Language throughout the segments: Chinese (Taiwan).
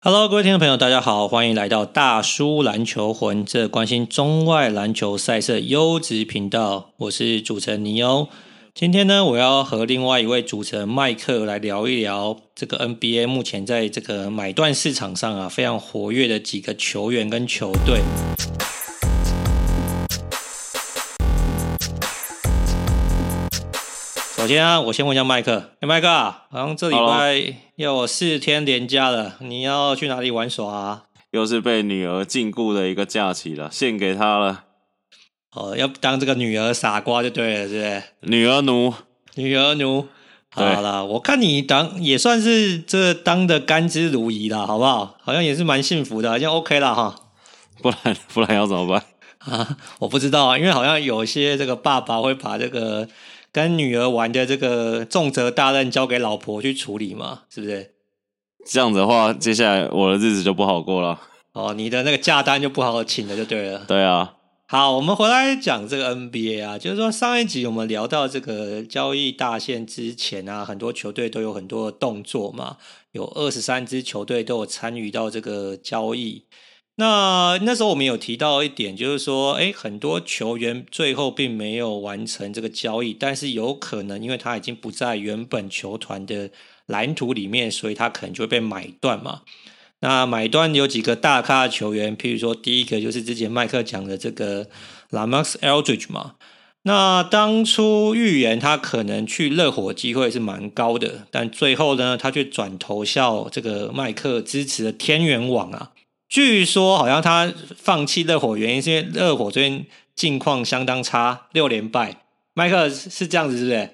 Hello，各位聽眾朋友，大家好，歡迎來到大叔籃球魂，這關心中外籃球賽事優質頻道，我是主持人尼歐。今天呢，我要和另外一位主持人麥克來聊一聊這個 NBA 目前在這個買斷市場上啊非常活躍的幾個球員跟球隊。先啊，我先問一下麥克。欸，麥克啊，好像這禮拜 Hello. 要四天連假了，你要去哪裡玩耍啊？又是被女兒禁錮的一個假期了，獻給他了。哦，要當這個女兒傻瓜就對了，對不對？女兒奴，女兒奴。好了，對我看你當也算是這當的甘之如飴了，好不好？好像也是蠻幸福的，好像 OK 了哈。不然，不然要怎麼辦？啊，我不知道啊，因為好像有些這個爸爸會把這個。跟女兒玩的這個重責大任交給老婆去處理嘛，是不是？這樣子的話，接下來我的日子就不好過了。哦，你的那個假單就不好請了，就對了。對啊，好，我們回來講這個 NBA 啊，就是說上一集我們聊到這個交易大限之前啊，很多球隊都有很多的動作嘛，有二十三支球隊都有參與到這個交易。那那時候我們有提到一點，就是說，哎、欸，很多球員最後並沒有完成這個交易，但是有可能因為他已經不在原本球團的藍圖裡面，所以他可能就會被買斷嘛。那買斷有幾個大咖的球員，譬如說第一個就是之前麥克講的這個 LaMarcus Aldridge 嘛。那當初預言他可能去熱火機會是蠻高的，但最後呢，他卻轉投向這個麥克支持的天元網啊。據說好像他放棄熱火原因是因為熱火最近境況相當差，六連敗。麥克是這樣子，是不是？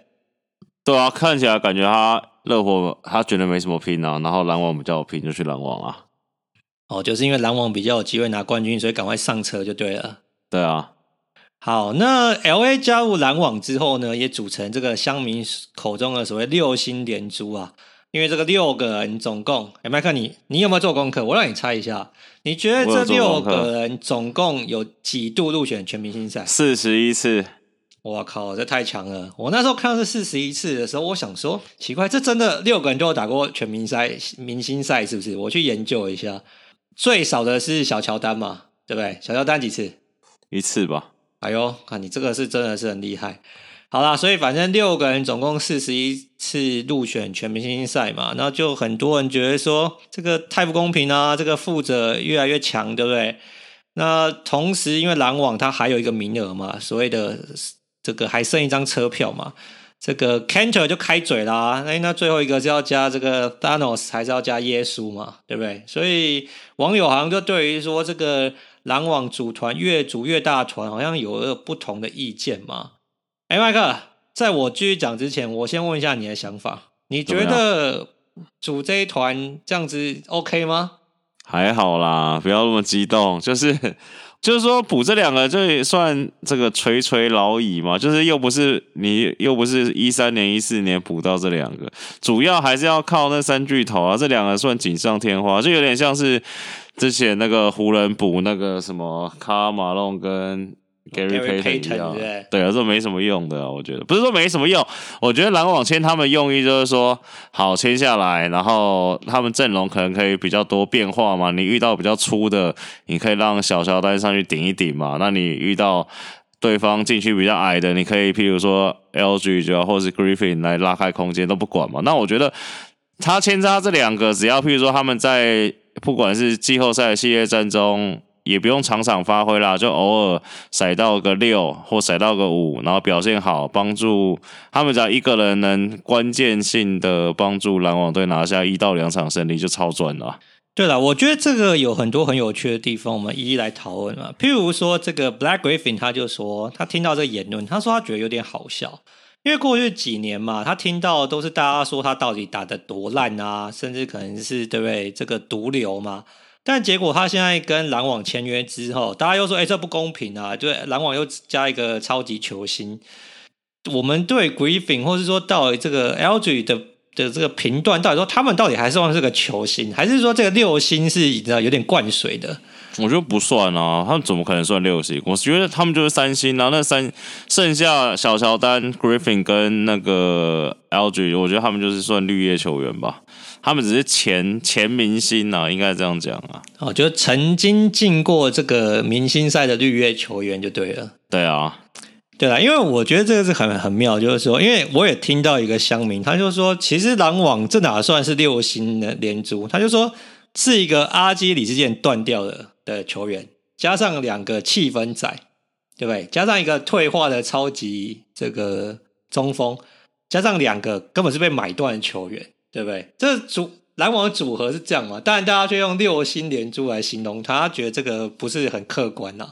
對啊，看起來感覺他熱火他覺得沒什麼拼啊，然後籃網比較有拼，就去籃網啊。哦，就是因為籃網比較有機會拿冠軍，所以趕快上車就對了。對啊。好，那 L A 加入籃網之後呢，也組成這個鄉民口中的所謂六星連珠啊。因為這個六個人總共，哎，有沒有看，你你有沒有做功課？我讓你猜一下，你覺得這六個人總共有幾度入選全明星賽？四十一次，我靠，這太強了！我那時候看到這四十一次的時候，我想說奇怪，這真的六個人都有打過全明星賽？明星賽是不是？我去研究一下，最少的是小喬丹嘛，對不對？小喬丹幾次？一次吧。哎呦，看你這個是真的是很厲害。好啦，所以反正六個人總共四十一次入選全明星賽嘛，那就很多人覺得說這個太不公平啦，啊，這個負責越來越強，對不對？那同時因為籃網他還有一個名額嘛，所謂的這個還剩一張車票嘛，這個坎特就開嘴啦。那，欸、那最後一個是要加這個 Thanos 還是要加耶穌嘛，對不對？所以網友好像就對於說這個籃網組團越組越大團，好像有了不同的意見嘛。哎，麥克，在我繼續講之前，我先問一下你的想法。你覺得組這一團這樣子 OK 嗎？還好啦，不要那麼激動。就是就是說，補這兩個就算這個垂垂老矣嘛，就是又不是你又不是一三年、一四年補到這兩個，主要還是要靠那三巨頭啊。這兩個算錦上添花，就有點像是之前那個湖人補那個什麼卡馬龍跟。Gary Payton，對，對，這沒什麼用的、啊，我覺得不是說沒什麼用，我覺得籃網簽他們用意就是說，好簽下來，然後他們陣容可能可以比較多變化嘛。你遇到比較粗的，你可以讓小喬丹上去頂一頂嘛。那你遇到對方禁區比較矮的，你可以譬如說 l g j、啊、或是 Griffin 來拉開空間都不管嘛。那我覺得他簽扎這兩個，只要譬如說他們在不管是季後賽系列戰中。也不用常常發揮啦，就偶爾塞到個六或塞到個五，然後表現好，幫助他們，只要一個人能關鍵性的幫助籃網隊拿下一到兩場勝利就超賺了。對了，我覺得這個有很多很有趣的地方，我們一一來討論啊。譬如說，這個 Blake Griffin 他就說，他聽到這個言論，他說他覺得有點好笑，因為過去幾年嘛，他聽到都是大家說他到底打得多爛啊，甚至可能是對不對，這個毒瘤嘛。但結果他現在跟籃網簽約之後，大家又說：“哎、欸，這不公平啊！”對，籃網又加一個超級球星。我們對 Griffin 或是說到這個 Aldridge 的的這個評斷，到底說他們到底還是算是個球星，還是說這個六星是你知道有點灌水的？我覺得不算啊，他們怎麼可能算六星？我覺得他們就是三星、啊。然後那三剩下小喬丹、Griffin 跟那個 Aldridge，我覺得他們就是算綠葉球員吧。他們只是前前明星啊，應該這樣講啊。哦，就曾經進過這個明星賽的綠葉球員就對了。對啊，對啦，因為我覺得這個是很很妙，就是說，因為我也聽到一個鄉民，他就說，其實籃網這哪算是六星的連珠？他就說是一個阿基里斯腱斷掉的的球員，加上兩個氣氛仔，對不對？加上一個退化的超級這個中鋒，加上兩個根本是被買斷的球員。對不對？這組籃網組合是這樣嘛？當然，大家就用六星連珠來形容他，覺得這個不是很客觀吶。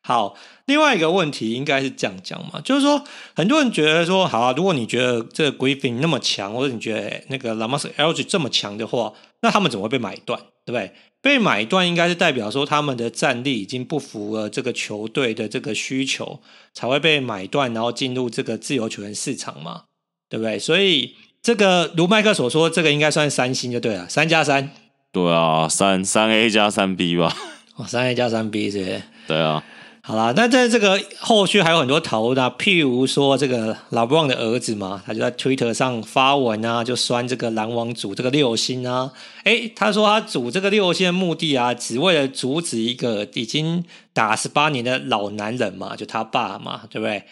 好，另外一個問題應該是這樣講嘛，就是說很多人覺得說，好啊，如果你覺得這個 Griffin 那麼強，或者你覺得那個 LaMarcus Aldridge 這麼強的話，那他們怎麼會被買斷？對不對？被買斷應該是代表說他們的戰力已經不符合這個球隊的這個需求，才會被買斷，然後進入這個自由球員市場嘛，對不對？所以。這個如麥克所說，這個應該算三星就對了，三加三。對啊，三三 A 加三 B 吧。哦，三 A 加三 B 是不是？對啊。好啦，那在這個後續還有很多討論啊，譬如說這個 LeBron 的兒子嘛，他就在 Twitter 上發文啊，就酸這個籃網組這個六星啊。哎，他說他組這個六星的目的啊，只為了阻止一個已經打十八年的老男人嘛，就他爸嘛，對不對？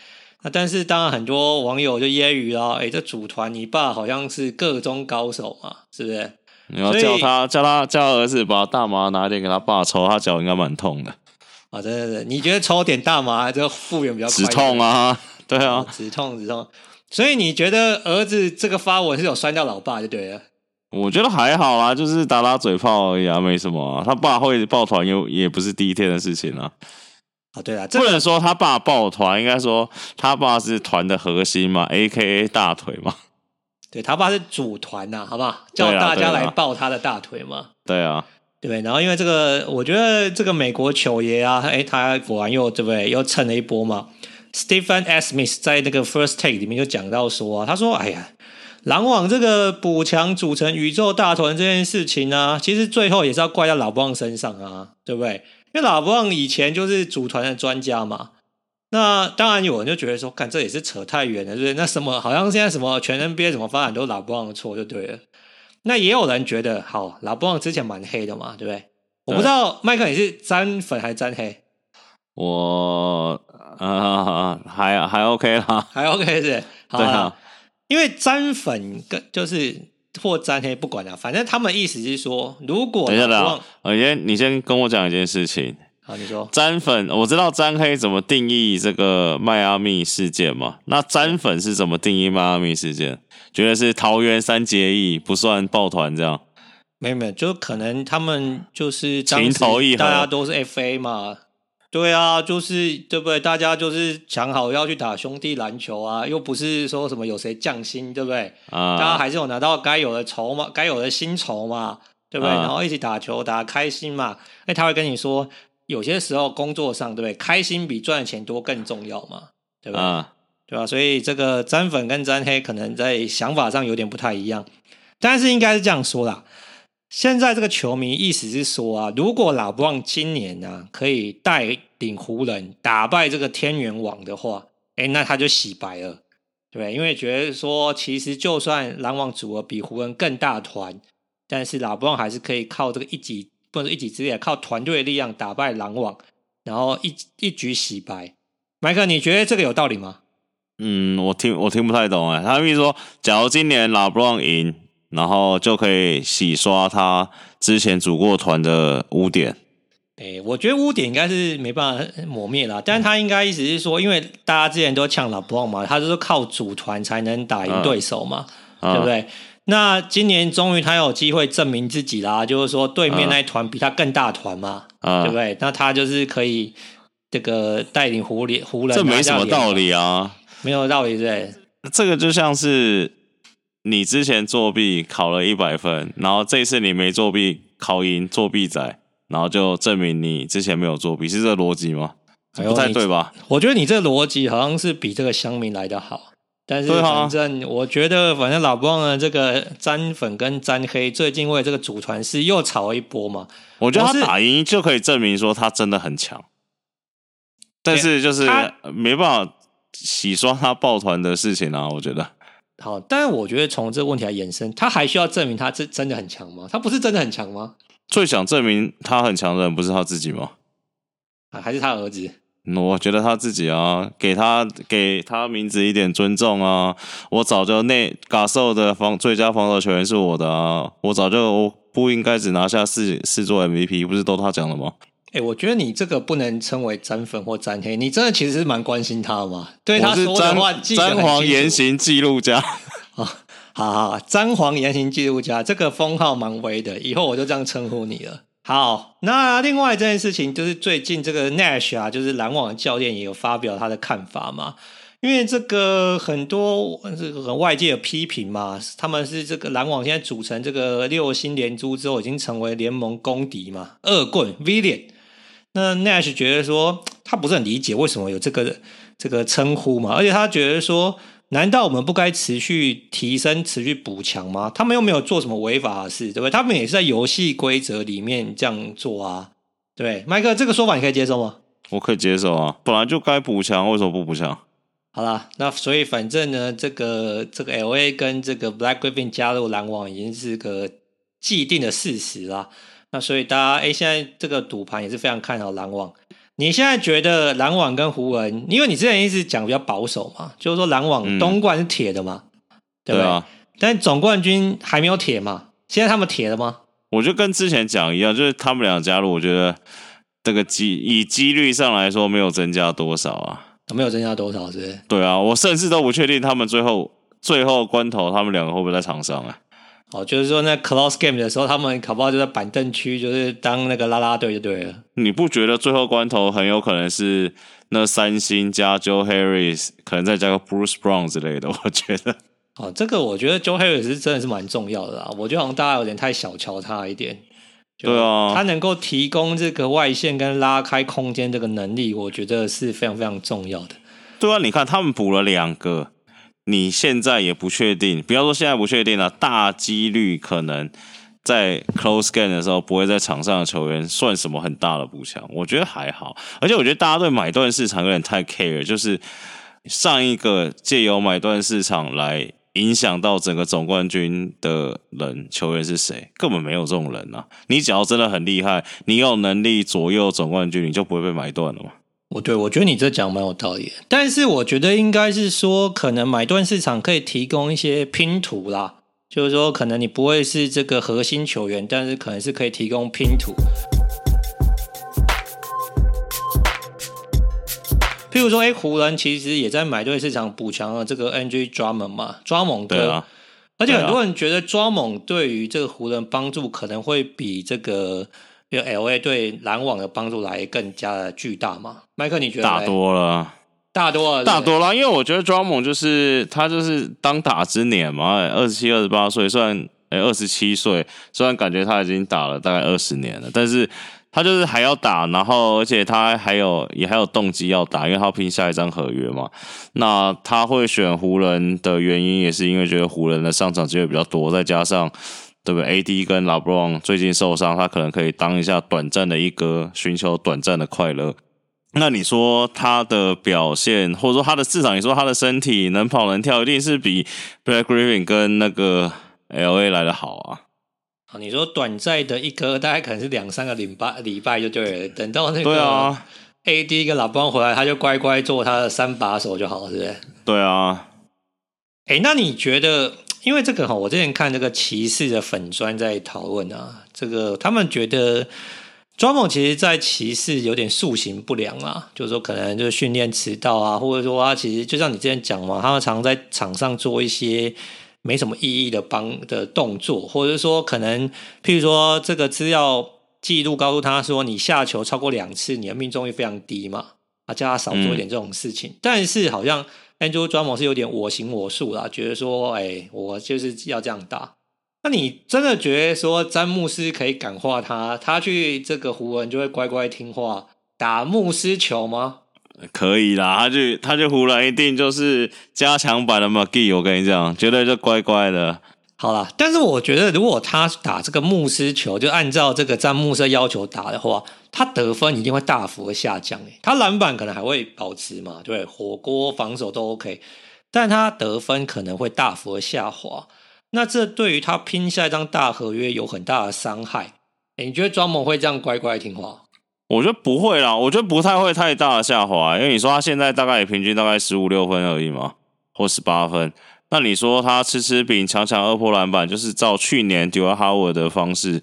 但是當然，很多網友就揶揄啦，哎，這組團你爸好像是個中高手嘛，是不是？你要叫他以叫他叫，他叫他兒子把大麻拿一點給他爸抽，他腳應該蠻痛的。啊，對對對，你覺得抽點大麻這個復原比較止痛啊？對啊，止、啊、痛止痛。所以你覺得兒子這個發文是有酸掉老爸就對了？我覺得還好啦，就是打打嘴炮而已啊，沒什麼啊。他爸會抱團，又也不是第一天的事情啊。啊對啊，這個，不能說他爸抱團，應該說他爸是團的核心嘛，A K A 大腿嘛。對，他爸是組團吶，好不好？叫大家來抱他的大腿嘛。對啊，對，啊對，啊對。然後因為這個，我覺得這個美國球爺啊，哎，他果然又對不對？又蹭了一波嘛。Stephen A. Smith 在那個 First Take 裡面就講到說，啊，他說：“哎呀，籃網這個補強組成宇宙大團這件事情呢，啊，其實最後也是要怪在老布朗身上啊，對不對？”因為拉布旺以前就是組團的專家嘛，那當然有人就覺得說，看這也是扯太遠了，對不對？那什麼好像現在什麼全 NBA 什麼發展都拉布旺的錯就對了。那也有人覺得，好，拉布旺之前蠻黑的嘛，對不對？我不知道麥克你是沾粉還是沾黑，我呃還還 OK 啦，還 OK 是，是，好對啊好，因為沾粉跟就是。或詹黑不管了，啊，反正他們意思是說，如果等一下了，呃，忘你先你先跟我講一件事情好，你說詹粉，我知道詹黑怎麼定義這個邁阿密事件嘛？那詹粉是怎麼定義邁阿密事件？覺得是桃園三結義不算抱團這樣？沒有沒有，就可能他們就是情投意合，大家都是 FA 嘛。對啊，就是對不對？大家就是想好要去打兄弟籃球啊，又不是說什麼有誰降薪，對不對？啊，大家還是有拿到該有的酬，嘛，該有的薪酬嘛，對不對？啊，然後一起打球，打開心嘛。哎、欸，他會跟你說，有些時候工作上，對不對？開心比賺錢多更重要嘛，對不對？對吧？對吧？所以這個沾粉跟沾黑可能在想法上有點不太一樣，但是應該是這樣說啦。現在這個球迷意思是說啊，如果老布朗今年呢、啊、可以帶領湖人打敗這個天元網的話，哎，那他就洗白了，對，因為覺得說，其實就算籃網組合比湖人更大團，但是老布朗還是可以靠這個一己或者一己之力，靠團隊的力量打敗籃網，然後一一舉洗白。麥克，你覺得這個有道理嗎？嗯，我聽我聽不太懂哎。他意思說，假如今年老布朗贏。然後就可以洗刷他之前組過團的污點。哎、欸，我覺得污點應該是沒辦法磨滅了，但是他應該意思是說，因為大家之前都搶了不 r 嘛，他就是靠組團才能打贏對手嘛，嗯、對不對？嗯、那今年終於他有機會證明自己啦，就是說對面那一團比他更大團嘛，嗯、對不對？那他就是可以這個帶領湖人湖人，這沒什麼道理啊，沒有道理對。這個就像是。你之前作弊考了一百分，然後這次你沒作弊考贏作弊仔，然後就證明你之前沒有作弊，是這個邏輯嗎？哎、呦不太對吧？我覺得你這個邏輯好像是比這個鄉民來得好，但是反正、啊、我覺得反正老光啊，這個沾粉跟沾黑最近為這個組團是又吵了一波嘛。我覺得他打贏就可以證明說他真的很強，但是就是沒辦法洗刷他抱團的事情啊，我覺得。好，但我覺得從這個問題來延伸，他還需要證明他是真的很強嗎？他不是真的很強嗎？最想證明他很強的人不是他自己嗎？啊、還是他兒子、嗯？我覺得他自己啊，給他給他名字一點尊重啊！我早就那感受的防最佳防守球員是我的啊！我早就不應該只拿下四四座 MVP，不是都他講了嗎？哎，我覺得你這個不能稱為詹粉、或詹黑，你真的其實是蠻關心他嘛？對他說的話，詹皇言行記錄家好 啊、好好，詹皇言行記錄家這個封號蠻威的，以後我就這樣稱呼你了。好，那另外這件事情就是最近這個 Nash 啊，就是籃網的教練也有發表他的看法嘛，因為這個很多這個很外界的批評嘛，他們是這個籃網現在組成這個六星連珠之後，已經成為聯盟公敵嘛，惡棍 Villain。V 那 Nash 覺得說他不是很理解為什麼有這個這個稱呼嘛，而且他覺得說，難道我們不該持續提升、持續補強嗎？他們又沒有做什麼違法的事，對不對？他們也是在遊戲規則裡面這樣做啊，對不對？麥克，這個說法你可以接受嗎？我可以接受啊，本來就該補強，為什麼不補強？好啦，那所以反正呢，這個這個 LA 跟這個 Blake Griffin 加入籃網已經是個既定的事實啦。那所以大家哎，現在這個賭盤也是非常看好籃網。你現在覺得籃網跟湖人，因為你之前一直講比較保守嘛，就是說籃網東冠，冠是鐵的嘛，嗯，對不對？對啊，但總冠軍還沒有鐵嘛，現在他們鐵了嗎？我就跟之前講一樣，就是他們兩個加入，我覺得這個幾以幾率上來說，沒有增加多少啊，沒有增加多少，是不是？對啊，我甚至都不確定他們最後最後關頭，他們兩個會不會在場上啊？哦，就是說那 close game 的時候，他們搞不好就在板凳區，就是當那個啦啦隊就對了。你不覺得最後關頭很有可能是那三星加 Joe Harris，可能再加個 Bruce Brown 之類的？我覺得。哦，這個我覺得 Joe Harris 是真的是蠻重要的啦。我覺得好像大家有點太小瞧他一點。對啊。他能夠提供這個外線跟拉開空間這個能力，我覺得是非常非常重要的。對啊，你看他們補了兩個。你現在也不確定，不要說現在不確定了啊，大幾率可能在 close game 的時候不會在場上的球員算什麼很大的補強，我覺得還好。而且我覺得大家對買斷市場有點太 care，就是上一個借由買斷市場來影響到整個總冠軍的人，球員是誰？根本沒有這種人啊！你只要真的很厲害，你有能力左右總冠軍，你就不會被買斷了嘛。哦，對，我覺得你這講蠻有道理，但是我覺得應該是說，可能買斷市場可以提供一些拼圖啦，就是說，可能你不會是這個核心球員，但是可能是可以提供拼圖。啊啊、譬如說，哎，湖人其實也在買斷市場補強了這個 N G Drummond 嘛 Drummond 哥，啊啊、而且很多人覺得 Drummond 對於這個湖人幫助可能會比這個。就 L A 對籃網的幫助來更加的巨大嗎？麥克，你覺得？大多了，大多了，大多了。因為我覺得 Drummond 就是他就是當打之年嘛，二十七、二十八歲，雖然哎二十七歲，雖然感覺他已經打了大概二十年了，但是他就是還要打，然後而且他還有也還有動機要打，因為他要拼下一張合約嘛。那他會選湖人的原因也是因為覺得湖人的上場機會比較多，再加上。對不對？AD 跟 LeBron 最近受傷，他可能可以當一下短暫的一哥，尋求短暫的快樂。那你說他的表現，或者說他的市場，你說他的身體能跑能跳，一定是比 Blake Griffin 跟那個 LA 來的好啊好。你說短暫的一哥，大概可能是兩三個禮拜禮拜就對了。等到那個 AD 跟 LeBron 回來，他就乖乖做他的三把手就好了，對不對？對啊。哎，那你覺得？因為這個哈、哦，我之前看這個騎士的粉專在討論啊，這個他們覺得 Drummond 其實在騎士有點素行不良啊，就是說可能就訓練遲到啊，或者說他、啊、其實就像你之前講嘛，他們常在場上做一些沒什麼意義的幫的動作，或者說可能譬如說這個資料記錄告訴他說你下球超過兩次，你的命中率非常低嘛，啊叫他少做一點這種事情，嗯、但是好像。Andrew Drummond 是有點我行我素啦，覺得說，哎、欸，我就是要這樣打。那你真的覺得說詹姆斯可以感化他，他去這個湖人就會乖乖聽話打牧師球嗎？可以啦，他去他去湖人一定就是加強版的 McGee 我跟你講，絕對就乖乖的。好了，但是我覺得，如果他打這個牧師球，就按照這個詹姆斯要求打的話，他得分一定會大幅的下降。誒，他籃板可能還會保持嘛，對，火鍋防守都 OK，但他得分可能會大幅的下滑。那這對於他拼下一張大合約有很大的傷害。誒，你覺得莊某會這樣乖乖聽話？我覺得不會啦，我覺得不太會太大的下滑，因為你說他現在大概也平均大概十五六分而已嘛，或十八分。那你說他吃吃餅、搶搶二波籃板，就是照去年 Dwight Howard 的方式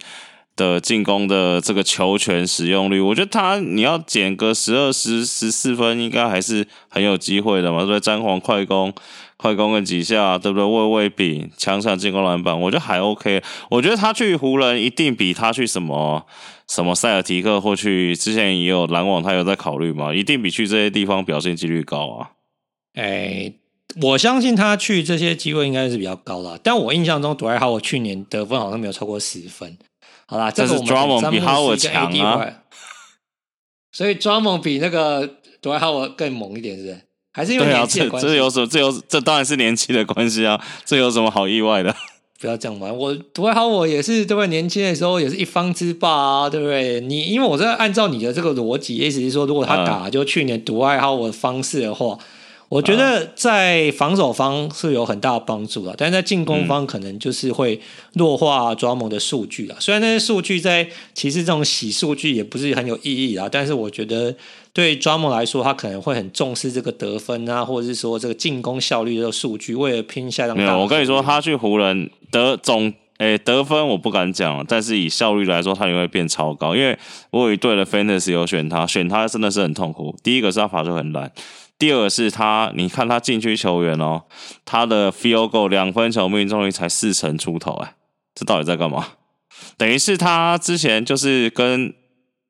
的進攻的這個球權使用率，我覺得他你要減個十二、十十四分，應該還是很有機會的嘛，對不對？詹皇快攻、快攻個幾下，對不對？喂餵餅、搶搶進攻籃板，我覺得還 OK。我覺得他去湖人一定比他去什麼什麼塞爾提克或去之前也有籃網，他有在考慮嘛，一定比去這些地方表現幾率高啊。哎、欸。我相信他去這些機會應該是比較高的，但我印象中 Dwight Howard 去年得分好像沒有超過十分。好啦，這是 Drummond 比 Howard 強啊，所以 Drummond 比那個 Dwight Howard 更猛一點，是不是？還是因為年紀的關係啊，這，這有什麼？這有這當然是年紀的關係啊，這有什麼好意外的？不要這樣玩，我 Dwight Howard 也是，對不對？年輕的時候也是一方之霸啊，對不對？你因為我在按照你的這個邏輯，意思是說，如果他打就去年 Dwight Howard 的方式的話。我覺得在防守方是有很大的幫助，但是在進攻方可能就是會弱化抓 r 的數據了。嗯、雖然那些數據在其實這種洗數據也不是很有意義啊，但是我覺得對抓 r 來說，他可能會很重視這個得分啊，或者是說這個進攻效率的數據，為了拼下一場。沒有，我跟你說，他去湖人得總誒得分我不敢講，但是以效率來說，他也會變超高。因為我也對了 f a n e s 有選他，選他真的是很痛苦。第一個是他罰球很爛。第二個是他。你看他禁區球員哦，他的 field goal 兩分球命中率才四成出頭哎，這到底在幹嘛？等於是他之前就是跟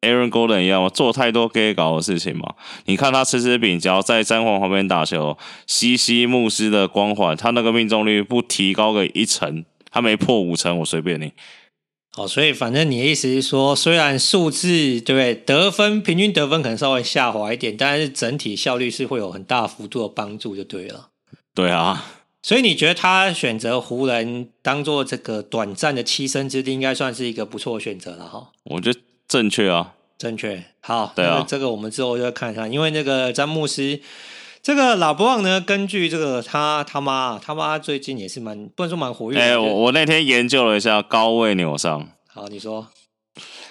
Aaron Gordon 一樣，做太多 gay 搞的事情嘛。你看他吃吃餅，只要在詹皇旁邊打球，吸吸牧師的光環，他那個命中率不提高個一成，他沒破五成，我隨便你。哦，所以反正你的意思是說，雖然數字對不對，得分平均得分可能稍微下滑一點，但是整體效率是會有很大幅度的幫助，就對了。對啊，所以你覺得他選擇湖人當做這個短暫的棲身之地，應該算是一個不錯的選擇了哈？我覺得正確啊，正確。好，對啊，那這個我們之後就要看一下，因為那個詹姆斯。這個勒布朗呢，根據這個他他媽他媽最近也是蠻不能說蠻活躍的。哎、欸，我我那天研究了一下高位扭傷。好、啊，你說。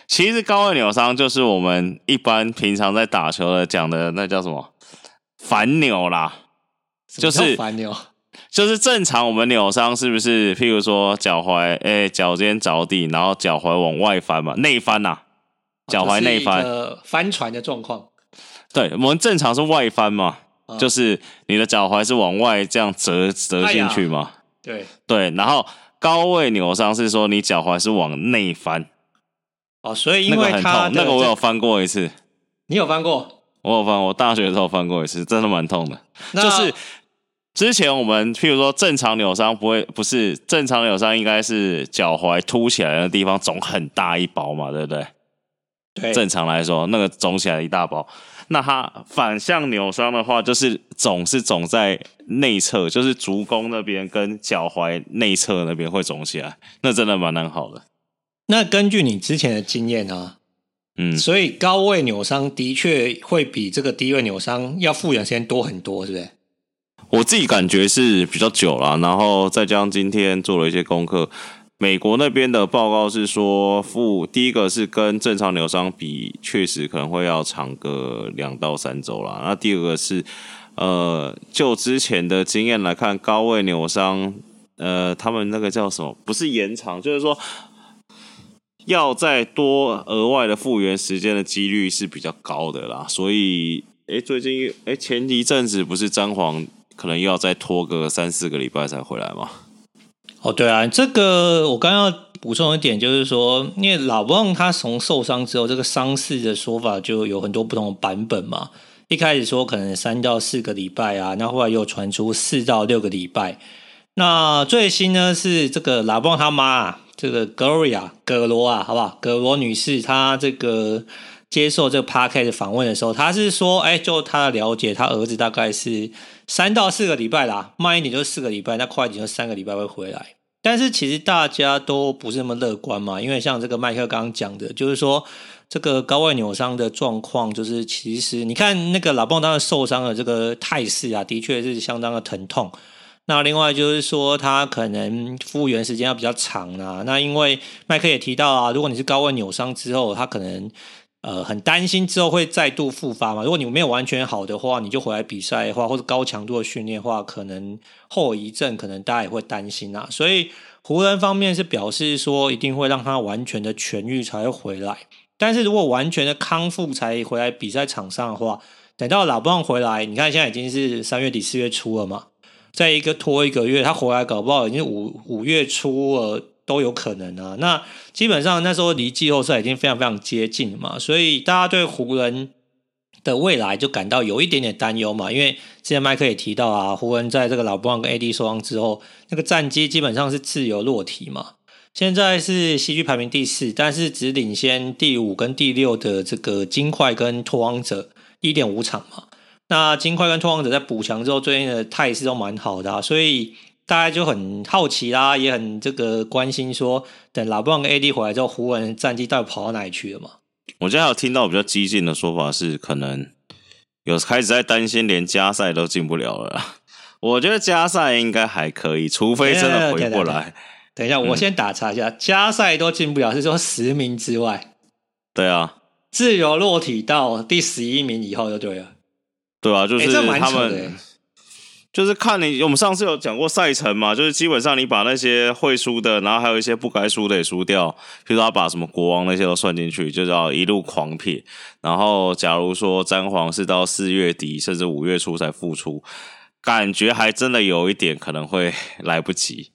其實高位扭傷就是我們一般平常在打球的講的那叫什麼反扭啦。什麼叫反扭？就是，就是正常我們扭傷是不是？譬如說腳踝，哎、欸，腳尖着地，然後腳踝往外翻嘛，內翻吶、啊。啊、腳踝內翻。呃，翻船的狀況。對我們正常是外翻嘛。就是你的腳踝是往外這樣折折進去嘛、哎，對對，然後高位扭傷是說你腳踝是往內翻哦，所以因為他那個很痛，的那個我有翻過一次。你有翻過？我有翻，我大學的時候翻過一次，真的蠻痛的。那就是之前我們譬如說正常扭傷不會，不是正常扭傷應該是腳踝凸起來的地方腫很大一包嘛，對不對？對，正常來說那個腫起來一大包。那它反向扭傷的話，就是腫是腫在內側，就是足弓那邊跟腳踝內側那邊會腫起來，那真的蠻難好的。那根據你之前的經驗啊，嗯，所以高位扭傷的確會比這個低位扭傷要復原時間多很多，是不是？我自己感覺是比較久了，然後再加上今天做了一些功課。美國那邊的報告是說復第一個是跟正常扭傷比，確實可能會要長個兩到三周啦。那第二個是，呃，就之前的經驗來看，高位扭傷，呃，他們那個叫什麼？不是延長，就是說要再多額外的復原時間的幾率是比較高的啦。所以，哎，最近哎，前一陣子不是詹皇可能要再拖個三四個禮拜才回來嗎？哦，對啊，這個我剛要補充一點，就是說，因為 LeBron 他從受傷之後，這個傷勢的說法就有很多不同的版本嘛。一開始說可能三到四個禮拜啊，那後，後來又傳出四到六個禮拜。那最新呢是這個 LeBron 他媽，這個 Gloria、葛羅啊，好不好？葛羅女士她這個。接受這個 Podcast 的訪問的時候，他是說：“哎，就他了解，他兒子大概是三到四個禮拜啦，慢一點就四個禮拜，那快一點就三個禮拜會回來。但是其實大家都不是那麼樂觀嘛，因為像這個麥克剛剛講的，就是說這個高位扭傷的狀況，就是其實你看那個老棒當時受傷的這個態勢啊，的確是相當的疼痛。那另外就是說他可能復原時間要比較長啦、啊。那因為麥克也提到啊，如果你是高位扭傷之後，他可能。”呃，很擔心之後會再度復發嘛。如果你沒有完全好的話，你就回來比賽的話，或者高強度的訓練的話，可能後遺症，可能大家也會擔心啊。所以湖人方面是表示說，一定會讓他完全的痊癒才會回來。但是如果完全的康復才回來比賽場上的話，等到 LeBron 回來，你看現在已經是三月底四月初了嘛，再一個拖一個月，他回來搞不好已經五五月初了。都有可能啊，那基本上那時候離季後賽已經非常非常接近了嘛，所以大家對湖人的未來就感到有一點點擔憂嘛。因為之前麥克也提到啊，湖人在這個老布朗跟 AD 受傷之後，那個戰績基本上是自由落體嘛。現在是西區排名第四，但是只領先第五跟第六的這個金塊跟拓荒者一點五場嘛。那金塊跟拓荒者在補強之後，最近的態勢都蠻好的，啊，所以。大家就很好奇啦，也很這個關心說，說等老布朗跟 AD 回來之後，湖人戰績到底跑到哪裡去了嘛？我今天有聽到比較激進的說法是，可能有開始在擔心，連加賽都進不了了啦。我覺得加賽應該還可以，除非真的回不來。等一下，我先打岔一下，嗯、加賽都進不了是說十名之外？對啊，自由落體到第十一名以後就對了。對啊，就是他們、欸。就是看你，我們上次有講過賽程嘛，就是基本上你把那些會輸的，然後還有一些不該輸的也輸掉，譬如說他把什麼國王那些都算進去，就叫一路狂撇。然後假如說詹皇是到四月底甚至五月初才復出，感覺還真的有一點可能會來不及，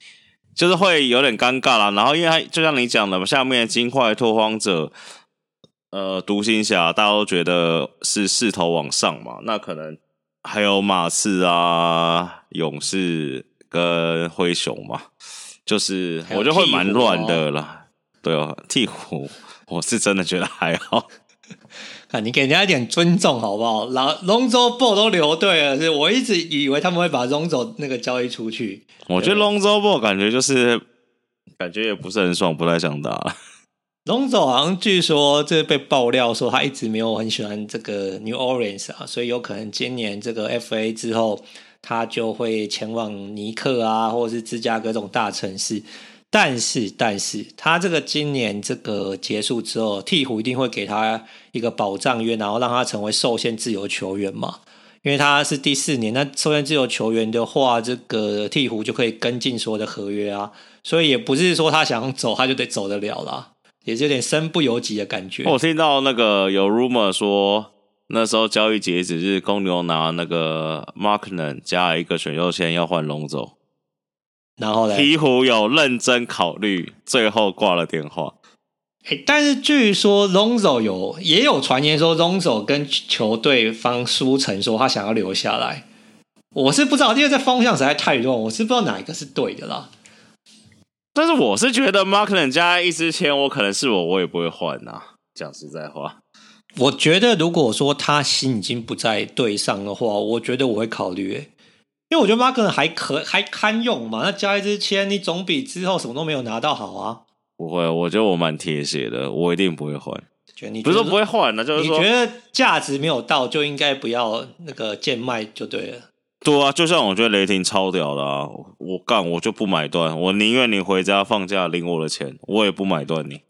就是會有點尷尬啦，然後因為他就像你講的，下面的金塊、拓荒者、呃，獨行俠，大家都覺得是勢頭往上嘛，那可能。還有馬刺啊、勇士跟灰熊嘛，就是我覺得會蠻亂的了。哦、對啊，鵜鶘，我是真的覺得還好、啊。你給人家一點尊重好不好？然後 Lonzo ball 都留隊了，是我一直以為他們會把 Lonzo 那個交易出去。我覺得 Lonzo ball 感覺就是感覺也不是很爽，不太想打了。龍走好像據說這被爆料說，他一直沒有很喜歡這個 New Orleans 啊，所以有可能今年這個 FA 之後，他就會前往尼克啊，或者是芝加哥這種大城市。但是，但是他這個今年這個結束之後，鵜鶘一定會給他一個保障約，然後讓他成為受限自由球員嘛？因為他是第四年，那受限自由球員的話，這個鵜鶘就可以跟進所有的合約啊。所以也不是說他想走，他就得走得了啦。也是有點身不由己的感覺。我聽到那個有 rumor 說，那時候交易截止是公牛拿那個 Markkanen 加一個選秀權，要換龍走，然後呢，鵜鶘有認真考慮，最後掛了電話、欸。但是據說龍走有也有傳言說龍走跟球隊方舒城說他想要留下來，我是不知道，因為這方向實在太亂，我是不知道哪一個是對的啦。但是我是覺得 Markkanen 加一支籤，我可能是我，我也不會換吶、啊。講實在話，我覺得如果說他心已經不在對上的話，我覺得我會考慮。誒。因為我覺得 Markkanen 還可還堪用嘛，那加一支籤，你總比之後什麼都沒有拿到好啊。不會，我覺得我蠻鐵血的，我一定不會換。不是說不會換的、啊，就是說你覺得價值沒有到，就應該不要那個賤賣就對了。對啊，就像我覺得雷霆超屌的啊，我幹我就不買斷，我寧願你回家放假領我的錢，我也不買斷你，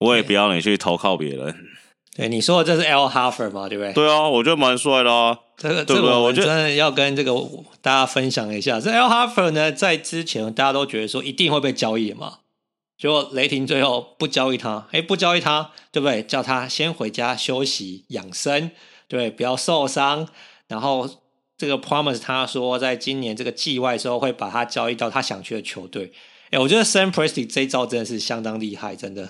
我也不要你去投靠別人對。對，你說的這是 L 哈弗嘛，對不對？對啊，我覺得蠻帥的啊。這個，對不對這個，我真的要跟這個大家分享一下，這 L 哈弗、er、呢，在之前大家都覺得說一定會被交易的嘛，結果雷霆最後不交易他，哎，不交易他，對不對？叫他先回家休息養生，對，對，不要受傷，然後。這個 Promise 他說，在今年這個季外時候會把他交易到他想去的球隊。哎，我覺得 Sam Presti 這一招真的是相當厲害，真的。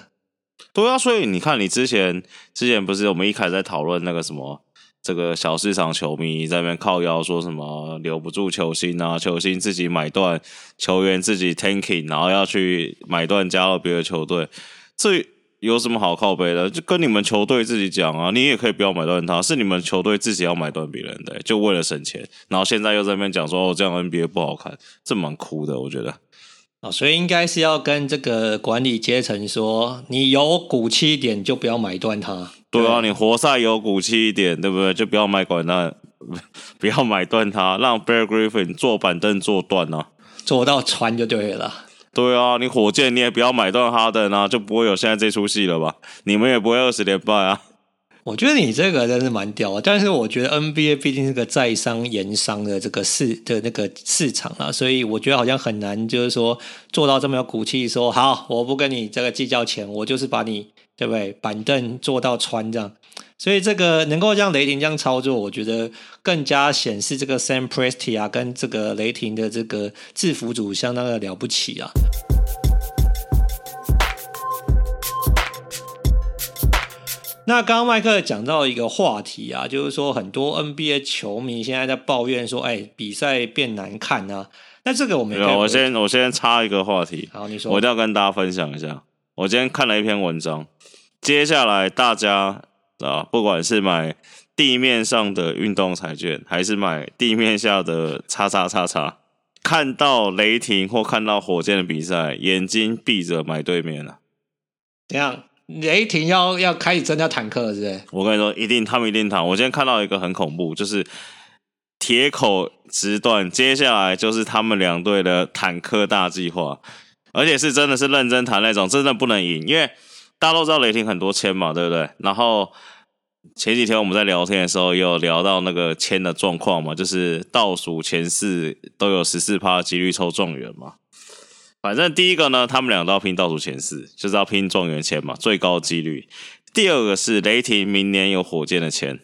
對啊，所以你看，你之前之前不是我們一開始在討論那個什麼，這個小市場球迷在那邊靠腰，說什麼留不住球星啊，球星自己買斷，球員自己 tanking，然後要去買斷加入別的球隊，這。有什麼好靠北的？就跟你們球隊自己講啊！你也可以不要買斷他，是你們球隊自己要買斷別人的，欸，就為了省錢。然後現在又在那邊講說哦，這樣 NBA 不好看，這蠻酷的，我覺得。啊、哦，所以應該是要跟這個管理階層說，你有骨氣一點就不要買斷他。對啊，你活塞有骨氣一點，對不對？就不要買管他，不要買斷他，讓 Blake Griffin 坐板凳坐斷啊坐到穿就對了。對啊，你火箭你也不要買斷哈登啊，就不會有現在這出戲了吧？你們也不會二十連敗啊。我覺得你這個真的是蠻屌啊，但是我覺得 NBA 畢竟是個在商言商的這個市的那個市場啊，所以我覺得好像很難，就是說做到這麼有骨氣說，說好我不跟你這個計較錢，我就是把你對不對板凳坐到穿這樣。所以這個能夠像雷霆這樣操作，我覺得更加顯示這個 Sam Presti 啊，跟這個雷霆的這個制服組相當的了不起啊。嗯。那剛剛麥克講到一個話題啊，就是說很多 NBA 球迷現在在抱怨說，哎，比賽變難看啊。那這個我沒有。我先我先插一個話題。好，你說。我一定要跟大家分享一下，我今天看了一篇文章。接下來大家。啊，不管是買地面上的運動彩券，還是買地面下的叉，叉叉叉叉，看到雷霆或看到火箭的比賽，眼睛閉着買對面了，啊。怎樣？雷霆要要開始增加坦克了，是不是？我跟你說，一定他們一定躺。我今天看到一個很恐怖，就是鐵口直斷，接下來就是他們兩隊的坦克大計劃，而且是真的是認真談那種，真的不能贏，因為。大家都知道雷霆很多籤嘛，對不對？然後前幾天我們在聊天的時候，也有聊到那個籤的狀況嘛，就是倒數前四都有十四趴的幾率抽狀元嘛。反正第一個呢，他們兩個都要拼倒數前四，就是要拼狀元籤嘛，最高的幾率。第二個是雷霆明年有火箭的籤，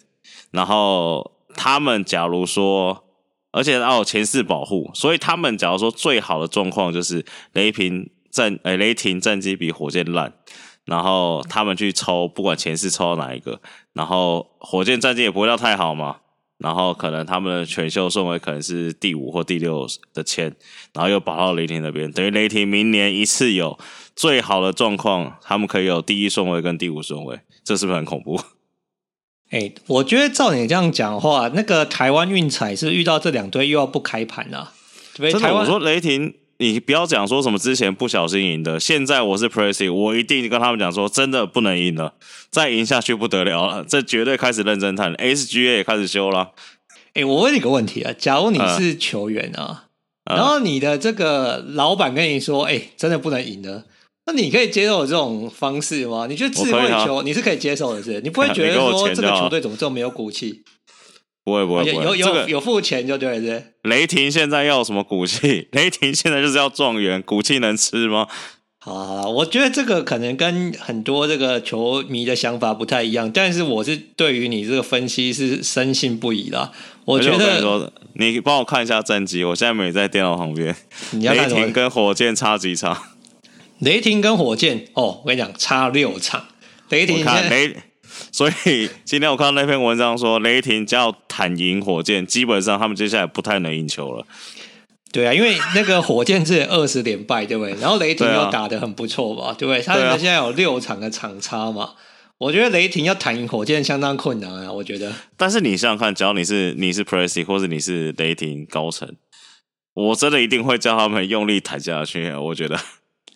然後他們假如說，而且要有前四保護，所以他們假如說最好的狀況就是雷霆戰，呃，雷霆戰績比火箭爛。然後他們去抽，不管前四抽到哪一個，嗯、然後火箭戰績也不會到太好嘛，然後可能他們的選秀順位可能是第五或第六的籤，然後又跑到雷霆那邊，等於雷霆明年一次有最好的狀況，他們可以有第一順位跟第五順位，這是不是很恐怖？哎、欸，我覺得照你這樣講話，那個台灣運彩是，是遇到這兩隊又要不開盤了、啊，對真的，台灣我說雷霆。你不要講說什麼之前不小心贏的，現在我是 Presti，我一定跟他們講說真的不能贏了，再贏下去不得了了，這絕對開始認真談，SGA 也開始修了。哎、欸，我問你個問題啊，假如你是球員啊，嗯嗯、然後你的這個老闆跟你說，哎、欸，真的不能贏了，那你可以接受這種方式嗎？你就自慧球，啊、你是可以接受的，是？你不會覺得說這個球隊怎麼這麼沒有骨氣？不會不會，不會有，不會有有有付錢就對了。這雷霆現在要什麼骨氣？雷霆現在就是要狀元，骨氣能吃嗎？好、啊，我覺得這個可能跟很多這個球迷的想法不太一樣，但是我是對於你這個分析是深信不疑的、啊。我覺得我你，你幫我看一下戰績，我現在沒在電腦旁邊。你要看，雷霆跟火箭差幾場？雷霆跟火箭哦，我跟你講，差六場。雷霆。所以今天我看到那篇文章說，雷霆只要坦贏火箭，基本上他們接下來不太能贏球了。對啊，因為那個火箭是二十連敗，對不對？然後雷霆又打得很不錯吧，對不、啊、對？他們現在有六場的場差嘛，我覺得雷霆要坦贏火箭相當困難啊，我覺得。但是你想想看，只要你是你是 Presti 或者你是雷霆高層，我真的一定會叫他們用力坦下去啊，我覺得。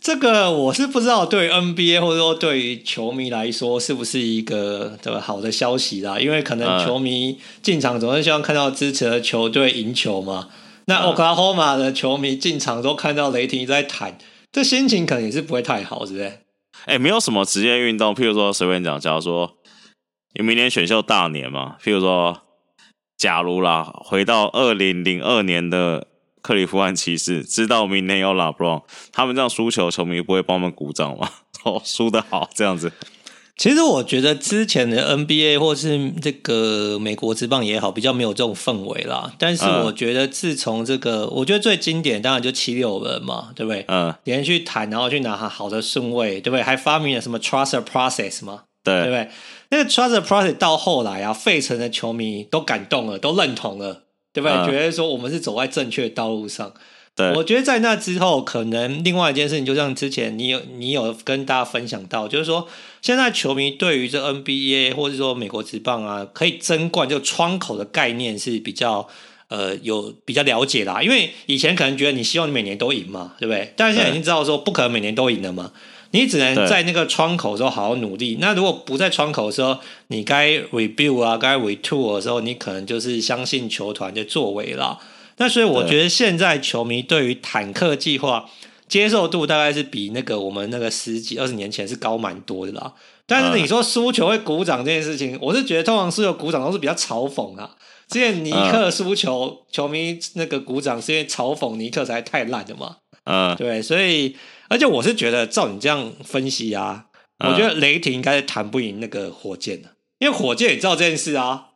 這個我是不知道，對 NBA 或者說對於球迷來說是不是一個這個好的消息啦？因為可能球迷進場總是希望看到支持的球隊贏球嘛。呃、那 a h 拉 m 馬的球迷進場都看到雷霆在慘，呃、這心情可能也是不會太好，是不是？哎、欸，沒有什麼職業運動，譬如說隨便講，假如說你明年選秀大年嘛，譬如說，假如啦，回到二零零二年的。克利夫蘭騎士知道明年有拉布朗，他們這樣輸球，球迷不會幫我們鼓掌嗎？哦，輸得好，這樣子。其實我覺得之前的 NBA 或是這個美國職棒也好，比較沒有這種氛圍啦。但是我覺得自從這個，嗯、我覺得最經典當然就七六人嘛，對不對？嗯，連續談然後去拿下好的順位，對不對？還發明了什麼 Trust the Process 嘛？對，對不對？那個 Trust the Process 到後來啊，費城的球迷都感動了，都認同了。對不對？覺得說我們是走在正確的道路上。嗯、對，我覺得在那之後，可能另外一件事情，就像之前你有你有跟大家分享到，就是說現在球迷對於這 NBA 或者說美國職棒啊，可以爭冠就窗口的概念是比較呃有比較了解啦、啊。因為以前可能覺得你希望你每年都贏嘛，對不對？但是現在已經知道說不可能每年都贏了嘛。嗯你只能在那個窗口的時候好好努力。對那如果不在窗口的時候，你該 review 啊，該 retool 的時候，你可能就是相信球團就作為啦、啊。那所以我覺得現在球迷對於坦克計劃接受度大概是比那個我們那個十幾二十年前是高蠻多的啦。但是你說輸球會鼓掌這件事情，嗯、我是覺得通常輸球鼓掌都是比較嘲諷啊。之前尼克輸球，嗯、球迷那個鼓掌是因為嘲諷尼克才太爛的嘛。嗯，對，所以而且我是覺得，照你這樣分析啊，嗯、我覺得雷霆應該是談不贏那個火箭的，因為火箭也知道這件事啊，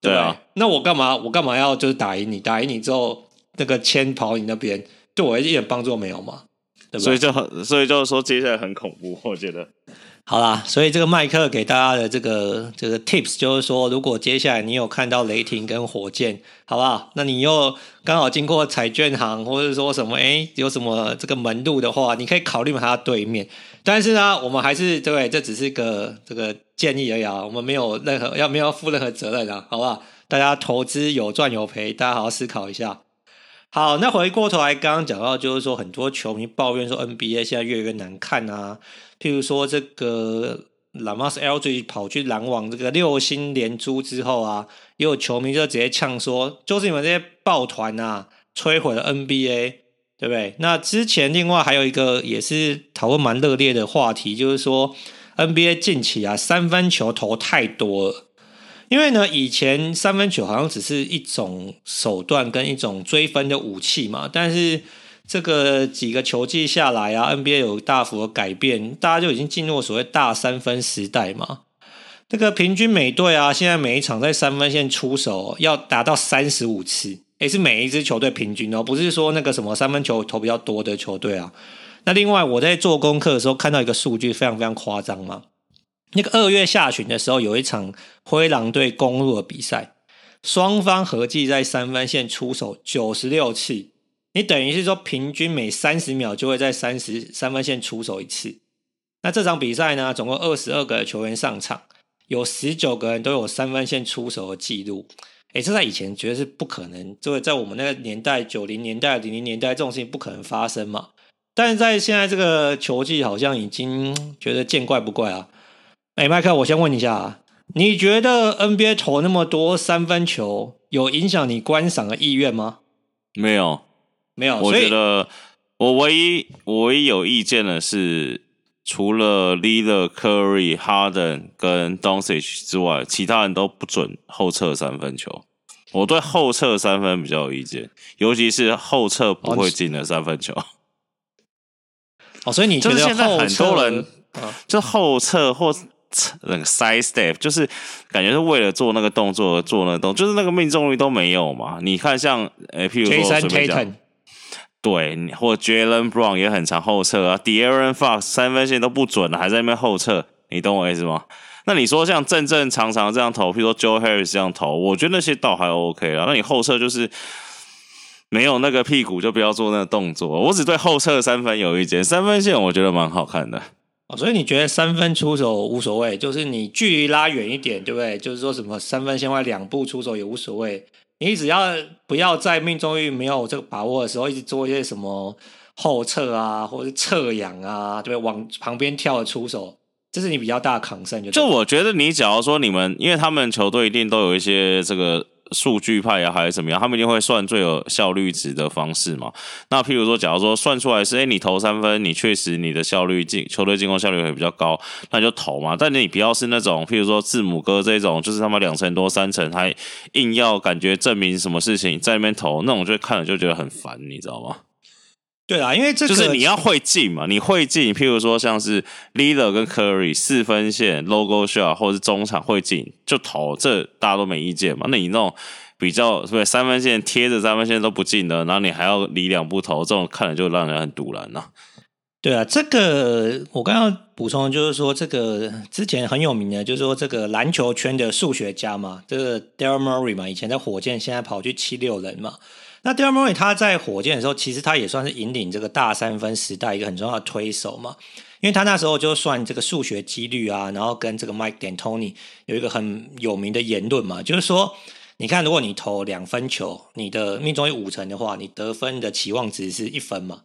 對吧？對啊。那我幹嘛？我幹嘛要就是打贏你？打贏你之後，那個籤跑你那邊，對我一點幫助都沒有嘛，對吧？所以就很所以就說接下來很恐怖，我覺得。好啦，所以這個麥克給大家的這個這個 tips 就是說，如果接下來你有看到雷霆跟火箭，好不好？那你又剛好經過彩券行，或者說什麼，哎，有什麼這個門路的話，你可以考慮買他對面。但是呢，我們還是，對，這只是個這個建議而已啊，我們沒有任何要沒有負任何責任啊，好不好？大家投資有賺有賠，大家好好思考一下。好，那回過頭來，剛剛講到，就是說很多球迷抱怨說 NBA 現在越來越難看啊。譬如說，這個拉莫斯 L 最近跑去籃網這個六星連珠之後啊，也有球迷就直接嗆說，就是你們這些抱團啊，摧毀了 NBA，對不對？那之前另外還有一個也是討論蠻熱烈的話題，就是說 NBA 近期啊三分球投太多了。因為呢，以前三分球好像只是一種手段跟一種追分的武器嘛，但是這個幾個球季下來啊，NBA 有大幅的改變，大家就已經進入所謂大三分時代嘛。這、那個平均每隊啊，現在每一場在三分線出手要達到三十五次，誒，是每一支球隊平均哦，不是說那個什麼三分球投比較多的球隊啊。那另外我在做功課的時候看到一個數據，非常非常誇張嘛。那個二月下旬的時候，有一場灰狼隊攻入的比賽，雙方合計在三分線出手九十六次，你等於是說平均每三十秒就會在三十三分線出手一次。那這場比賽呢，總共二十二個球員上場，有十九個人都有三分線出手的記錄。誒，這在以前絕對是不可能，這個在我們那個年代，九零年代、零零年代這種事情不可能發生嘛。但是在現在這個球技，好像已經覺得見怪不怪啊。哎，麥克，我先問一下，啊，你覺得 NBA 投那麼多三分球，有影響你觀賞的意願嗎？沒有，沒有以。我覺得我唯一我唯一有意見的是，除了 Lillard、Curry、Harden 跟 Doncic 之外，其他人都不准後撤三分球。我對後撤三分比較有意見，尤其是後撤不會進的三分球。哦，哦，所以你後就是現在很多人，啊、就後撤或？那個 side step 就是感覺是為了做那個動作而做那個動作，就是那個命中率都沒有嘛。你看像呃、欸，譬如 Jason Tatum 對，或 Jalen Brown 也很常後撤啊。啊、D'Aaron Fox 三分線都不準了，還在那邊後撤，你懂我意思嗎？那你說像正正常常這樣投，譬如說 Joe Harris 這樣投，我覺得那些倒還 OK 啊。那你後撤就是沒有那個屁股，就不要做那個動作。我只對後撤三分有意見，三分線我覺得蠻好看的。所以你覺得三分出手無所謂，就是你距離拉遠一點，對不對？就是說什麼三分線外兩步出手也無所謂，你只要不要在命中率沒有這個把握的時候，一直做一些什麼後撤啊，或者是側仰啊，對不對？往旁邊跳的出手，這是你比較大的抗勝。就我覺得你假如說你們，因為他們球隊一定都有一些這個。數據派啊，還是怎麼樣？他們一定會算最有效率值的方式嘛。那譬如說，假如說算出來是，誒、欸，你投三分，你確實你的效率進球隊進攻效率會比較高，那你就投嘛。但你不要是那種，譬如說字母哥這種，就是他們兩成多三成，還硬要感覺證明什麼事情在那邊投，那種就看了，就覺得很煩，你知道嗎？對啊，因為這個、就是你要會進嘛，你會進，譬如說像是 Lillard 跟 Curry 四分線 logo shot 或是中場會進就投，這大家都沒意見嘛。那你那種比較對三分線貼着三分線都不進的，然後你還要離兩步投，這種看了就讓人很賭爛吶。對啊，這個我剛剛補充的就是說，這個之前很有名的，就是說這個籃球圈的數學家嘛，這個 Daryl Morey 嘛，以前在火箭，現在跑去七六人嘛。那 Daryl Morey 他在火箭的時候，其實他也算是引領這個大三分時代一個很重要的推手嘛，因為他那時候就算這個數學幾率啊，然後跟這個 Mike D'Antoni 有一個很有名的言論嘛，就是說，你看如果你投兩分球，你的命中率五成的話，你得分的期望值是一分嘛，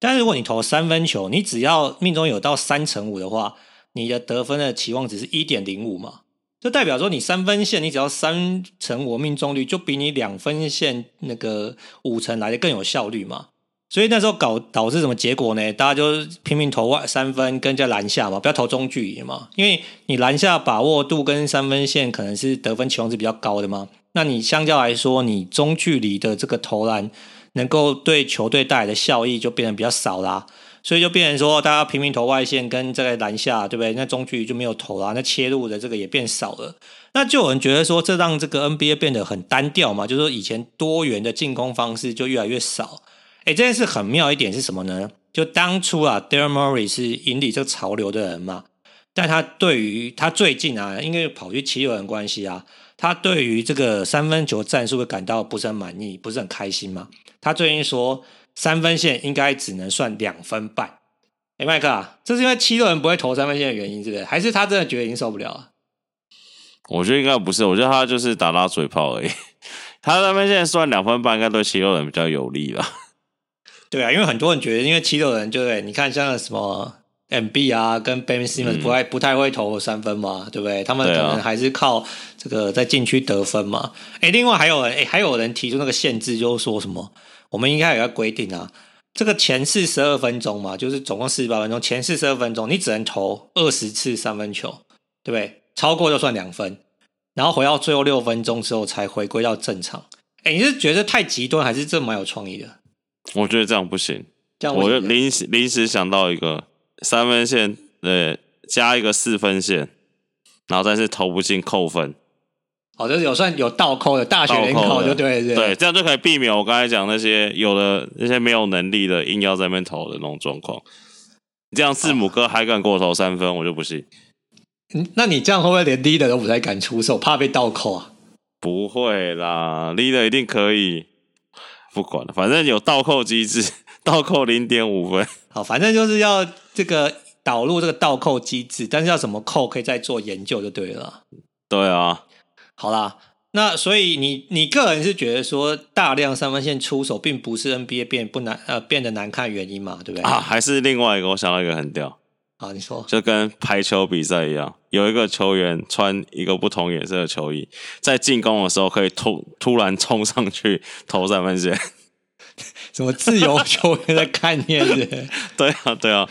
但是如果你投三分球，你只要命中有到三成五的話，你的得分的期望值是一點零五嘛。就代表說，你三分線你只要三成，我命中率就比你兩分線那個五成來的更有效率嘛。所以那時候搞導致什麼結果呢？大家就拼命投外三分，跟着籃下嘛，不要投中距離嘛，因為你籃下把握度跟三分線可能是得分期望值比較高的嘛。那你相較來說，你中距離的這個投籃能夠對球隊帶來的效益就變得比較少啦。所以就變成說，大家拼命投外線跟這個籃下，對不對？那中距離就沒有投啦、啊，那切入的這個也變少了。那就有人覺得說，這讓這個 NBA 變得很單調嘛？就是說，以前多元的進攻方式就越來越少。哎、欸，這件事很妙一點是什麼呢？就當初啊，Daryl Morey 是引領這個潮流的人嘛，但他對於他最近啊，因為跑去七六人的關係啊，他對於這個三分球戰術會感到不是很滿意，不是很開心嘛？他最近說。三分線應該只能算兩分半。哎，麥克啊，這是因為七六人不會投三分線的原因，是不是？還是他真的覺得已經受不了了？我覺得應該不是，我覺得他就是打大嘴炮而已。他三分線算兩分半，應該對七六人比較有利吧？對啊，因為很多人覺得，因為七六人，就對你看像什麼，M. B. 啊，跟 Ben Simmons 不太、嗯、不太會投三分嘛，對不對？他們可能還是靠這個在禁區得分嘛。哎對、啊，另外還有人，哎，還有人提出那個限制，就是說什麼我們應該有個規定啊，這個前四十二分鐘嘛，就是總共四十八分鐘，前四十二分鐘你只能投二十次三分球，對不對？超過就算兩分，然後回到最後六分鐘之後才回歸到正常。哎，你是覺得太極端，還是這蠻有創意的？我覺得這樣不行，這樣我就臨時樣臨時想到一個。三分線對，加一個四分線，然後再是投不進扣分，哦，就是有算有倒扣的大學聯考，就對對，這樣就可以避免我剛才講那些有的那些沒有能力的硬要在那邊投的那種狀況。這樣字母哥還敢給我投三分，我就不信。嗯，那你這樣會不會連 leader 都不太敢出手，怕被倒扣啊？不會啦，leader 一定可以。不管了，反正有倒扣機制。倒扣零點五分，好，反正就是要這個導入這個倒扣機制，但是要怎麼扣可以再做研究就對了。對啊，好啦，那所以你你個人是覺得說大量三分線出手並不是 NBA 變不難呃變得難看的原因嘛，對不對啊？還是另外一個，我想到一個很屌啊，你說就跟排球比賽一樣，有一個球員穿一個不同顏色的球衣，在進攻的時候可以突突然衝上去投三分線。什麼自由球員的概 念是不是？對啊，對啊。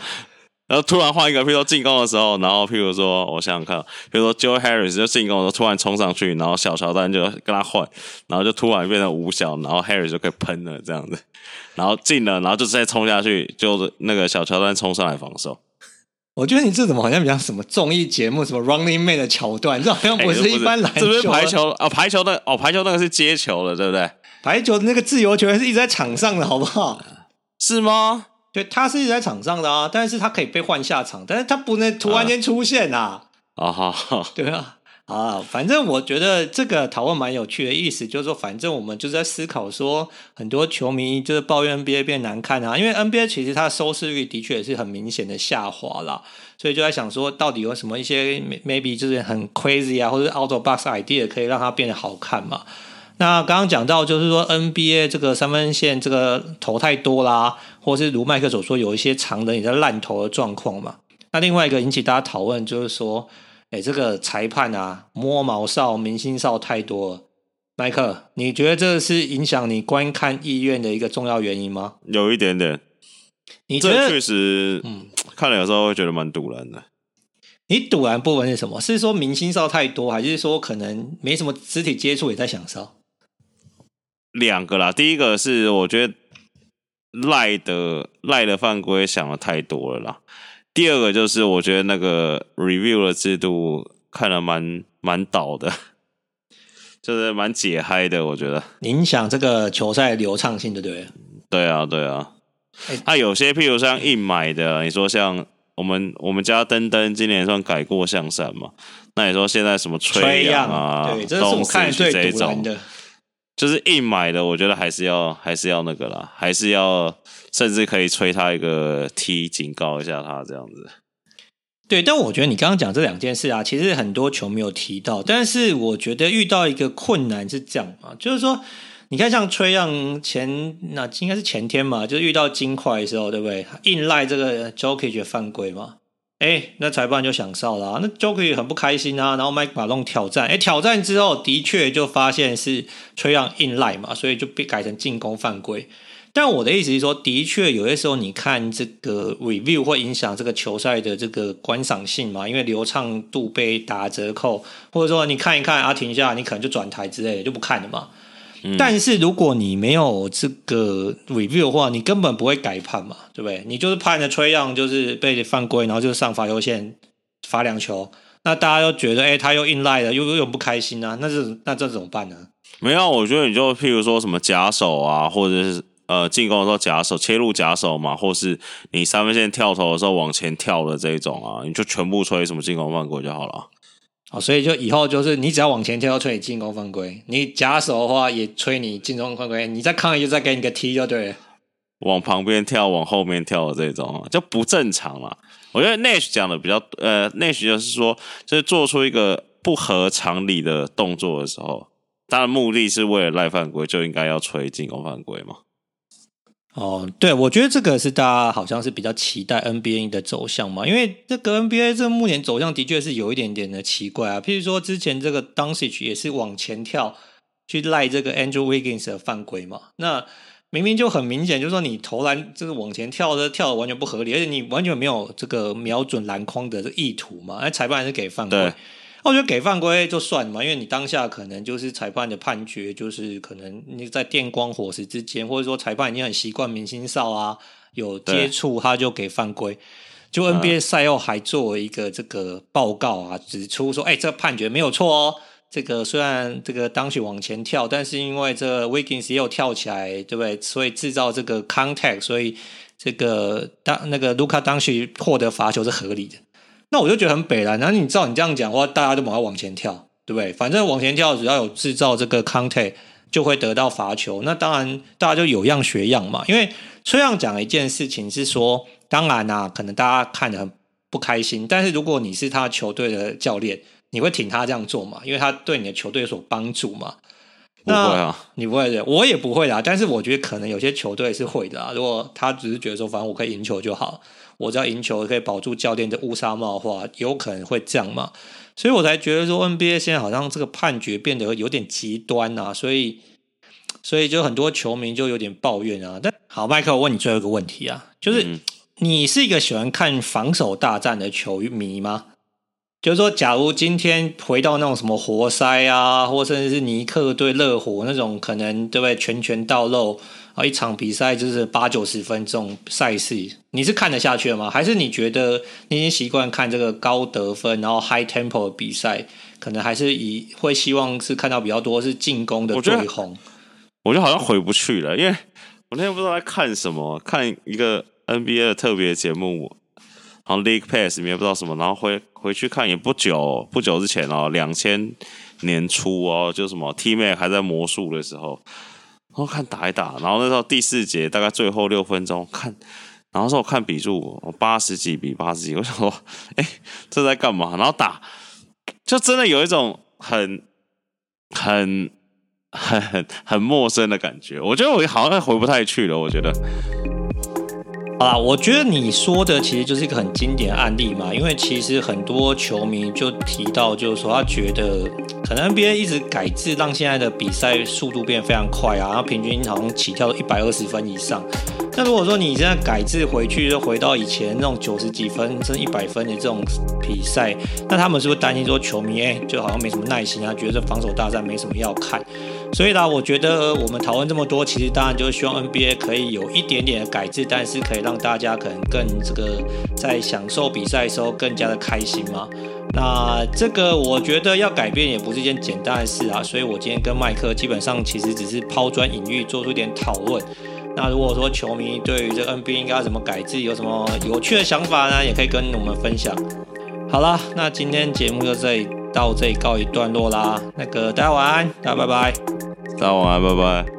然後突然換一個，譬如說進攻的時候，然後譬如說，我想想看，譬如說 Joe Harris 就進攻的時候，候突然衝上去，然後小喬丹就跟他換，然後就突然變成五小，然後 Harris 就可以噴了這樣子，然後進了，然後就再衝下去，就是那個小喬丹衝上來防守。我覺得你這怎麼好像比較什麼綜藝節目，什麼 Running Man 的橋段？這好像不是一般籃球，不是，不是排球啊？哦，排球，那個，哦，排球那個是接球的對不對？排球的那個自由球員是一直在場上的，好不好？是嗎？對，它是一直在場上的啊，但是它可以被換下場，但是它不能突然間出現啊。啊、啊哈、哈，對啊，啊，反正我覺得這個討論蠻有趣的，意思就是說，反正我們就是在思考說，很多球迷就是抱怨 NBA 變難看啊，因為 NBA 其實它的收視率的確也是很明顯的下滑啦。所以就在想說，到底有什麼一些 maybe 就是很 crazy 啊，或者 outbox idea 可以讓它變得好看嘛？那剛剛講到就是說 NBA 這個三分線這個投太多啦、啊，或是如麥克所說有一些長人也在爛投的狀況嘛。那另外一個引起大家討論就是說，哎，這個裁判啊摸毛哨，明星哨太多了。麥克，你覺得這是影響你觀看意願的一個重要原因嗎？有一點點。你覺得這確實，嗯，看了有時候會覺得蠻賭爛的。你賭爛部分是什麼？是說明星哨太多，還是說可能沒什麼肢體接觸也在響哨兩個啦，第一個是我覺得賴的賴的犯規想的太多了啦，第二個就是我覺得那個 review 的制度看得蠻蠻倒的，就是蠻解嗨的。我覺得影響這個球賽流暢性的，對不對？對啊，對啊。他、哎、有些，譬如像硬買的，你說像我們我們家登登今年算改過向善嘛？那你說現在什麼吹樣啊？對，這是誰走東西 就是硬買的，我覺得還是要還是要那個啦，還是要甚至可以吹他一個 T 警告，一下他這樣子。對，但我覺得你剛剛講這兩件事啊，其實很多球沒有提到，但是我覺得遇到一個困難是這樣啊，就是說你看像吹讓前那應該是前天嘛，就遇到金塊的時候，對不對？硬賴這個 Jokic 犯規嘛。哎，那裁判就享受了啊，那 Joker 很不開心啊。然後麥克馬龍挑戰，哎，挑戰之後的確就發現是吹 i 硬來嘛，所以就被改成進攻犯規。但我的意思是說，的確有些時候你看這個 review 會影響這個球賽的這個觀賞性嘛，因為流暢度被打折扣，或者說你看一看啊，停下，你可能就轉台之類的就不看了嘛。嗯、但是如果你沒有這個 review 的話，你根本不會改判嘛，對不對？你就是判的吹樣，就是被犯規，然後就上罰球線罰兩球，那大家都覺得，哎、欸，他又硬賴了，又又不開心啊，那這那這怎麼辦呢、啊？沒有，我覺得你就譬如說什麼假手啊，或者是呃進攻的時候假手切入假手嘛，或是你三分線跳投的時候往前跳的這一種啊，你就全部吹什麼進攻犯規就好了。哦、所以就以後就是，你只要往前跳，要吹進攻犯規；你假手的話，也吹你進攻犯規。你再抗議，就再給你個 T 就對了。往旁邊跳、往後面跳的這種，就不正常了。我覺得 Nash 講的比較，呃，Nash 就是說，就是做出一個不合常理的動作的時候，他的目的是為了賴犯規，就應該要吹進攻犯規嘛。哦，對，我覺得這個是大家好像是比較期待 NBA 的走向嘛，因為這個 NBA 這個目前走向的確是有一點點的奇怪啊。譬如說之前這個 Doncic 也是往前跳去賴這個 Andrew Wiggins 的犯規嘛，那明明就很明顯，就是說你投籃就是往前跳的跳的完全不合理，而且你完全沒有這個瞄準籃筐的這意圖嘛，那裁判還是給犯規。我覺得給犯規就算嘛，因為你當下可能就是裁判的判決，就是可能你在電光火石之間，或者說裁判已經很習慣明星哨啊，有接觸對他就給犯規。就 NBA 賽後還做了一個這個報告啊，嗯、指出說，哎、欸，這個判決沒有錯哦。這個雖然這個 Doncic 往前跳，但是因為這 Wiggins 也有跳起來，對不對？所以制造這個 contact，所以這個當那個盧卡 Doncic 獲得罰球是合理的。那我就覺得很北啦，然後，你照你這樣講的話，大家都馬上往前跳，對不對？反正往前跳，只要有制造這個 contact，就會得到罰球。那當然，大家就有樣學樣嘛。因為崔亮講了一件事情是說，當然啦、啊，可能大家看得很不開心，但是如果你是他球隊的教練，你會挺他這樣做嘛？因為他對你的球隊有所幫助嘛。不會啊，你不會的，我也不會啦，但是我覺得可能有些球隊是會的啊。如果他只是覺得說，反正我可以贏球就好。我只要贏球可以保住教練的烏紗帽的話，有可能會這樣嘛。所以我才覺得說 NBA 現在好像這個判決變得有點極端啊，所以，所以就很多球迷就有點抱怨啊。但好，麥克，我問你最後一個問題啊，就是、嗯、你是一個喜歡看防守大戰的球迷嗎？就是說，假如今天回到那種什麼活塞啊，或甚至是尼克對熱火那種，可能，對不對？拳拳到肉。啊，一場比賽就是八九十分這種賽事，你是看得下去的嗎？還是你覺得你已經習慣看這個高得分，然後 high tempo 的比賽，可能還是以會希望是看到比較多是進攻的最轟？我覺得好像回不去了，因為我那天不知道在看什麼，看一個 NBA 的特別節目，好像 League Pass，你也不知道什麼，然後回回去看也不久，哦，不久之前哦，兩千年初哦，就什麼 T-Mac 還在魔術的時候。我看打一打，然後那時候第四節大概最後六分鐘看，然後說我看比數我八十幾比八十幾，我想說，哎，這在幹嘛？然後打，就真的有一種很、很、很、很、很陌生的感覺。我覺得我好像回不太去了，我覺得。好啦，我覺得你說的其實就是一個很經典的案例嘛，因為其實很多球迷就提到，就是說他覺得可能 NBA 一直改制，讓現在的比賽速度變得非常快啊，然後平均好像起跳一百二十分以上。那如果說你現在改制回去，就回到以前那種九十幾分甚至一百分的這種比賽，那他們是不是擔心說球迷哎、欸，就好像沒什麼耐心啊，覺得這防守大戰沒什麼要看？所以啦，我覺得我們討論這麼多，其實當然就是希望 NBA 可以有一點點的改制，但是可以讓大家可能更這個在享受比賽的時候更加的開心嘛。那這個我覺得要改變也不是一件簡單的事啊。所以我今天跟麥克基本上其實只是拋磚引玉，做出一點討論。那如果說球迷對於這 NBA 應該要怎麼改制，有什麼有趣的想法呢，也可以跟我們分享。好啦，那今天節目就這裡，到這裡告一段落啦，那個大家晚安，大家拜拜，大家晚安，拜拜。